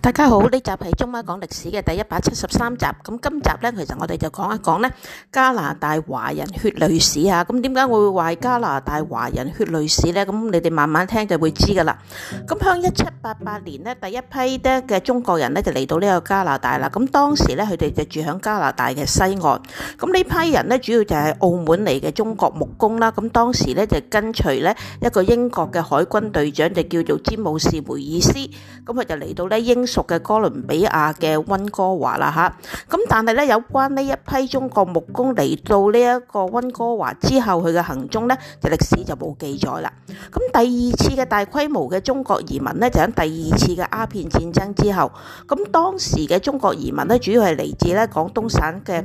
大家好，呢集係中阿講歷史嘅第一百七十三集。咁今集呢，其實我哋就講一講呢加拿大華人血淚史啊。咁點解我會話加拿大華人血淚史呢？咁你哋慢慢聽就會知噶啦。咁向一七八八年呢，第一批嘅中國人呢，就嚟到呢個加拿大啦。咁當時呢，佢哋就住響加拿大嘅西岸。咁呢批人呢，主要就係澳門嚟嘅中國木工啦。咁當時呢，就跟隨呢一個英國嘅海軍隊長，就叫做詹姆士梅爾斯。咁佢就嚟到呢英。屬嘅哥倫比亞嘅溫哥華啦吓，咁但係咧有關呢一批中國木工嚟到呢一個溫哥華之後，佢嘅行蹤咧，就歷史就冇記載啦。咁第二次嘅大規模嘅中國移民咧，就喺第二次嘅鴉片戰爭之後，咁當時嘅中國移民咧，主要係嚟自咧廣東省嘅。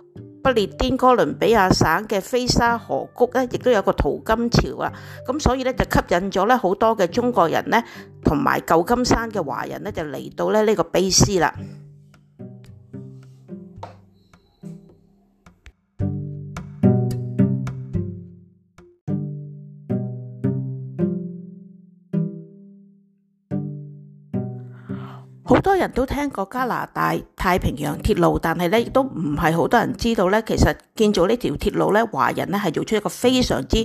不列顛哥倫比亞省嘅菲沙河谷咧，亦都有個淘金潮啊，咁所以咧就吸引咗咧好多嘅中國人咧，同埋舊金山嘅華人咧，就嚟到咧呢個卑斯啦。好多人都聽過加拿大太平洋鐵路，但係呢亦都唔係好多人知道呢，其實。建造呢條鐵路咧，華人咧係做出一個非常之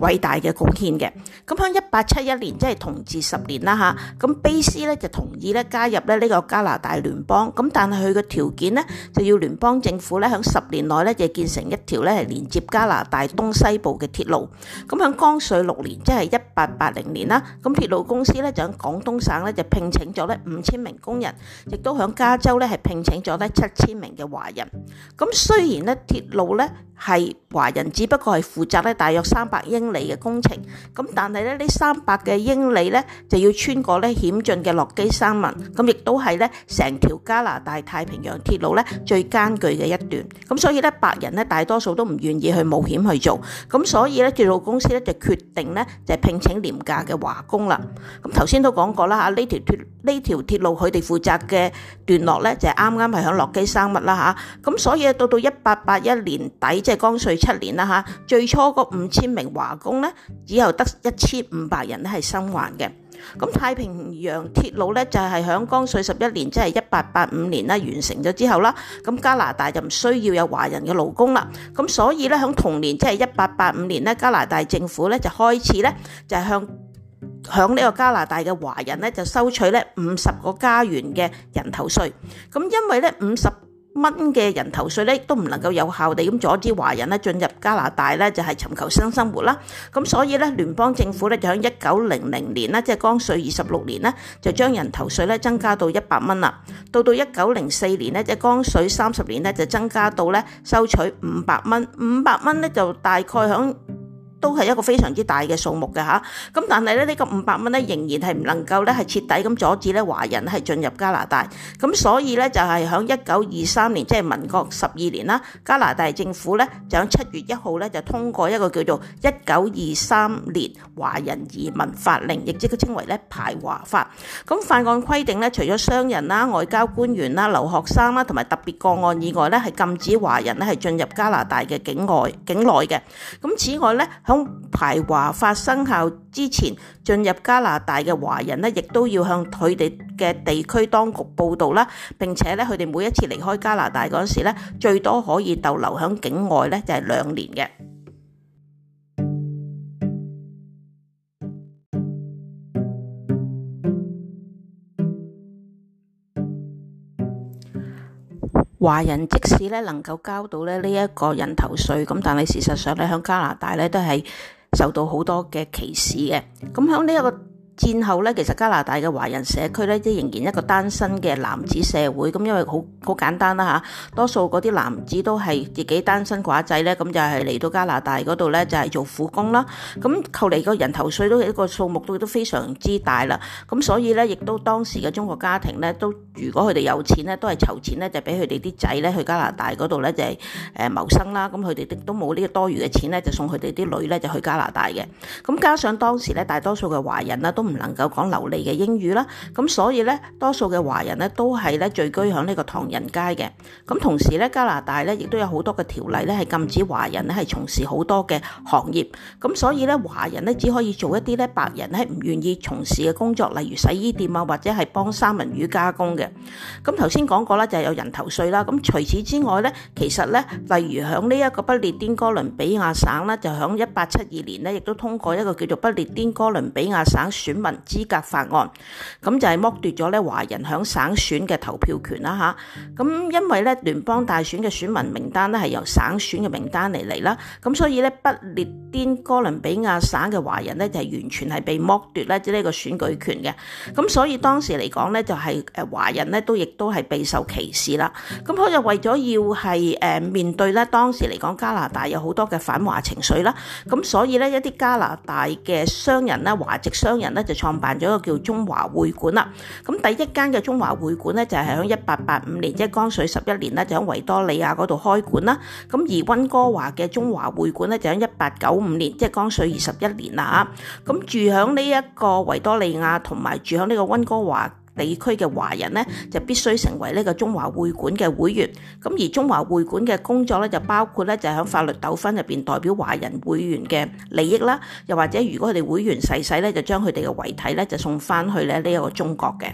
偉大嘅貢獻嘅。咁喺一八七一年，即係同治十年啦吓，咁卑斯咧就同意咧加入咧呢個加拿大聯邦。咁但係佢嘅條件呢，就要聯邦政府咧喺十年內咧就建成一條咧係連接加拿大東西部嘅鐵路。咁喺光緒六年，即係一八八零年啦，咁鐵路公司咧就喺廣東省咧就聘請咗咧五千名工人，亦都喺加州咧係聘請咗咧七千名嘅華人。咁雖然咧鐵路，咧係華人，只不過係負責咧大約三百英里嘅工程，咁但係咧呢三百嘅英里咧就要穿過咧險峻嘅落基山脈，咁亦都係咧成條加拿大太平洋鐵路咧最艱巨嘅一段，咁所以咧白人咧大多數都唔願意去冒險去做，咁所以咧鐵路公司咧就決定咧就係聘請廉價嘅華工啦，咁頭先都講過啦吓，呢條鐵呢條鐵路佢哋負責嘅段落咧就係啱啱係響落基山脈啦吓，咁所以到到一八八一年。底即係光緒七年啦嚇，最初嗰五千名華工咧，以後只有得一千五百人咧係生還嘅。咁太平洋鐵路咧就係響光緒十一年，即係一八八五年啦，完成咗之後啦，咁加拿大就唔需要有華人嘅勞工啦。咁所以咧響同年，即係一八八五年咧，加拿大政府咧就開始咧就係向響呢個加拿大嘅華人咧就收取咧五十個加元嘅人頭稅。咁因為咧五十。蚊嘅人頭稅咧，都唔能夠有效地咁阻止華人咧進入加拿大咧，就係尋求新生活啦。咁所以咧，聯邦政府咧就喺一九零零年咧，即係光緒二十六年咧，就將人頭稅咧增加到一百蚊啦。到到一九零四年咧，即係光緒三十年咧，就增加到咧收取五百蚊。五百蚊咧就大概響。都係一個非常之大嘅數目嘅嚇，咁但係咧呢個五百蚊咧仍然係唔能夠咧係徹底咁阻止咧華人係進入加拿大，咁所以咧就係響一九二三年即係、就是、民國十二年啦，加拿大政府咧就響七月一號咧就通過一個叫做一九二三年華人移民法令，亦即係稱為咧排華法。咁法案規定咧，除咗商人啦、外交官員啦、留學生啦同埋特別個案以外咧，係禁止華人咧係進入加拿大嘅境外境內嘅。咁此外咧。喺排華法生效之前，進入加拿大嘅華人咧，亦都要向佢哋嘅地區當局報道啦。並且咧，佢哋每一次離開加拿大嗰時咧，最多可以逗留喺境外咧，就係兩年嘅。華人即使咧能夠交到咧呢一個人頭稅，咁但係事實上咧喺加拿大咧都係受到好多嘅歧視嘅。咁喺呢一個。戰後咧，其實加拿大嘅華人社區咧，即係仍然一個單身嘅男子社會。咁、嗯、因為好好簡單啦嚇，多數嗰啲男子都係自己單身寡仔咧，咁、嗯、就係、是、嚟到加拿大嗰度咧，就係、是、做苦工啦。咁扣嚟個人頭稅都係一、這個數目都都非常之大啦。咁、嗯、所以咧，亦都當時嘅中國家庭咧，都如果佢哋有錢咧，都係籌錢咧，就俾佢哋啲仔咧去加拿大嗰度咧，就係誒謀生啦。咁佢哋都冇呢個多餘嘅錢咧，就送佢哋啲女咧就去加拿大嘅。咁、嗯、加上當時咧，大多數嘅華人啦都。唔能夠講流利嘅英語啦，咁所以咧，多數嘅華人咧都係咧聚居喺呢個唐人街嘅。咁同時咧，加拿大咧亦都有好多嘅條例咧係禁止華人咧係從事好多嘅行業。咁所以咧，華人咧只可以做一啲咧白人咧唔願意從事嘅工作，例如洗衣店啊，或者係幫三文魚加工嘅。咁頭先講過啦，就係、是、有人頭稅啦。咁除此之外咧，其實咧，例如喺呢一個不列顛哥倫比亞省咧，就喺一八七二年咧，亦都通過一個叫做不列顛哥倫比亞省選。民資格法案，咁就係剝奪咗咧華人喺省選嘅投票權啦吓。咁因為咧聯邦大選嘅選民名單咧係由省選嘅名單嚟嚟啦，咁所以咧不列顛哥倫比亞省嘅華人咧就係完全係被剝奪咧呢個選舉權嘅。咁所以當時嚟講咧就係誒華人咧都亦都係備受歧視啦。咁佢就為咗要係誒面對咧當時嚟講，加拿大有好多嘅反華情緒啦，咁所以咧一啲加拿大嘅商人，呢，華籍商人咧。就創辦咗一個叫中華會館啦，咁第一間嘅中華會館咧就係喺一八八五年，即係光緒十一年啦，就喺維多利亞嗰度開館啦。咁而溫哥華嘅中華會館咧就喺一八九五年，即係光緒二十一年啦。啊，咁住響呢一個維多利亞同埋住響呢個溫哥華地區嘅華人咧就必須成為呢個中華會館嘅會員，咁而中華會館嘅工作咧就包括咧就喺法律糾紛入邊代表華人會員嘅利益啦，又或者如果佢哋會員逝世咧就將佢哋嘅遺體咧就送翻去咧呢一個中國嘅。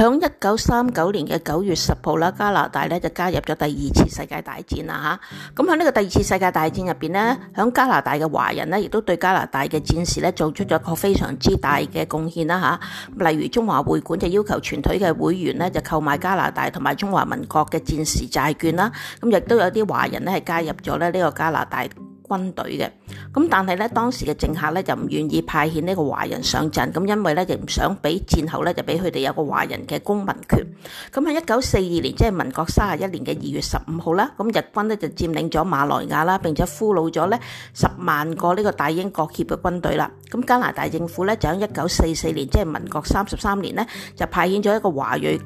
喺一九三九年嘅九月十號啦，加拿大咧就加入咗第二次世界大戰啦嚇。咁喺呢個第二次世界大戰入邊咧，喺加拿大嘅華人咧，亦都對加拿大嘅戰事咧做出咗個非常之大嘅貢獻啦嚇。例如中華會館就要求全體嘅會員咧就購買加拿大同埋中華民國嘅戰時債券啦。咁亦都有啲華人咧係加入咗咧呢個加拿大。嘅，咁但係咧當時嘅政客咧就唔願意派遣呢個華人上陣，咁因為咧就唔想俾戰後咧就俾佢哋有個華人嘅公民權。咁喺一九四二年，即係民國三十一年嘅二月十五號啦，咁日軍咧就佔領咗馬來亞啦，並且俘虜咗咧十萬個呢個大英國協嘅軍隊啦。咁加拿大政府咧就喺一九四四年，即係民國三十三年咧就派遣咗一個華裔。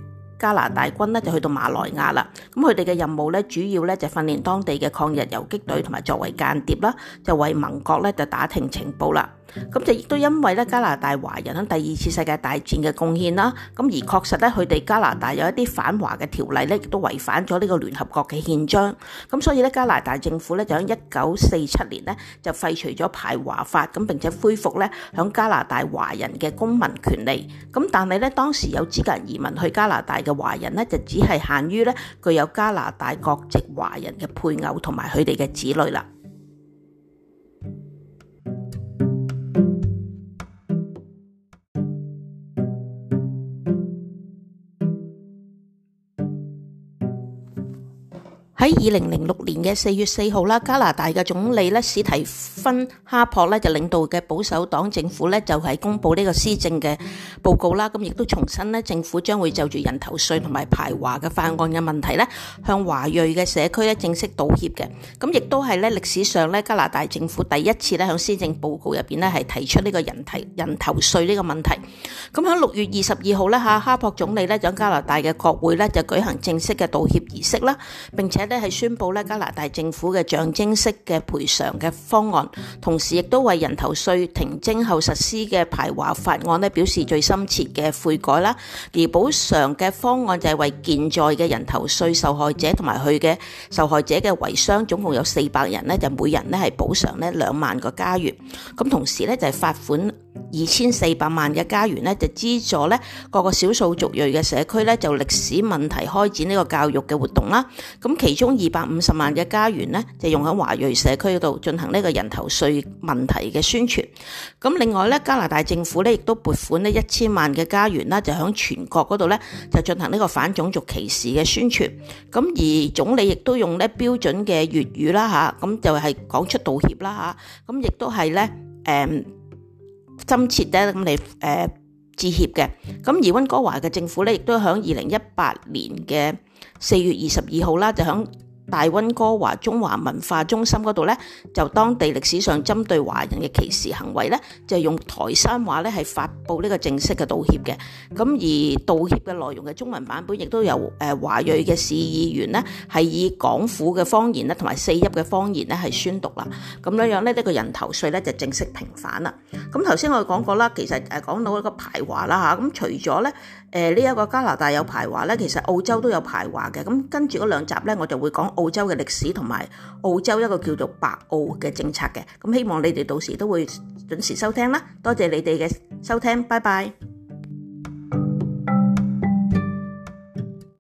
加拿大軍呢就去到馬來亞啦，咁佢哋嘅任務呢，主要呢就訓練當地嘅抗日遊擊隊，同埋作為間諜啦，就為盟國呢就打聽情報啦。咁就亦都因為咧加拿大華人喺第二次世界大戰嘅貢獻啦，咁而確實咧佢哋加拿大有一啲反華嘅條例咧，亦都違反咗呢個聯合國嘅憲章。咁所以咧加拿大政府咧就喺一九四七年咧就廢除咗排華法，咁並且恢復咧喺加拿大華人嘅公民權利。咁但係咧當時有資格移民去加拿大嘅華人咧就只係限於咧具有加拿大國籍華人嘅配偶同埋佢哋嘅子女啦。喺二零零六年嘅四月四號啦，加拿大嘅總理咧史提芬哈珀咧就領導嘅保守黨政府咧就係公布呢個施政嘅報告啦。咁亦都重申，咧，政府將會就住人頭稅同埋排華嘅法案嘅問題咧，向華裔嘅社區咧正式道歉嘅。咁亦都係咧歷史上咧加拿大政府第一次咧喺施政報告入邊咧係提出呢個人提人頭稅呢個問題。咁喺六月二十二號呢，哈哈珀總理咧喺加拿大嘅國會咧就舉行正式嘅道歉儀式啦，並且即係宣布咧加拿大政府嘅象徵式嘅賠償嘅方案，同時亦都為人頭稅停徵後實施嘅排華法案咧表示最深切嘅悔改啦。而補償嘅方案就係為健在嘅人頭稅受害者同埋佢嘅受害者嘅遺孀，總共有四百人咧，就每人咧係補償咧兩萬個加元。咁同時呢，就係罰款，二千四百萬嘅加元咧，就資助咧各個少數族裔嘅社區咧，就歷史問題開展呢個教育嘅活動啦。咁其中二百五十萬嘅加元咧，就用喺華裔社區嗰度進行呢個人頭稅問題嘅宣傳。咁另外咧，加拿大政府咧亦都撥款呢一千萬嘅加元啦，就喺全國嗰度咧就進行呢個反種族歧視嘅宣傳。咁而總理亦都用呢標準嘅粵語啦吓，咁就係講出道歉啦吓，咁亦都係咧、嗯深切咧咁嚟誒致歉嘅，咁而溫哥華嘅政府咧，亦都喺二零一八年嘅四月二十二號啦，就響大温哥華中華文化中心嗰度咧，就當地歷史上針對華人嘅歧視行為咧，就係用台山話咧係發布呢個正式嘅道歉嘅。咁而道歉嘅內容嘅中文版本亦都由誒華裔嘅市議員咧係以廣府嘅方言咧同埋四邑嘅方言咧係宣讀啦。咁樣樣咧呢、呢個人頭稅咧就正式平反啦。咁頭先我講過啦，其實誒講到一個排華啦吓，咁、啊、除咗咧呢一、呃呢個加拿大有排華咧，其實澳洲都有排華嘅。咁跟住嗰兩集咧，我就會講。澳洲嘅歷史同埋澳洲一個叫做白澳嘅政策嘅，咁希望你哋到時都會準時收聽啦。多謝你哋嘅收聽，拜拜。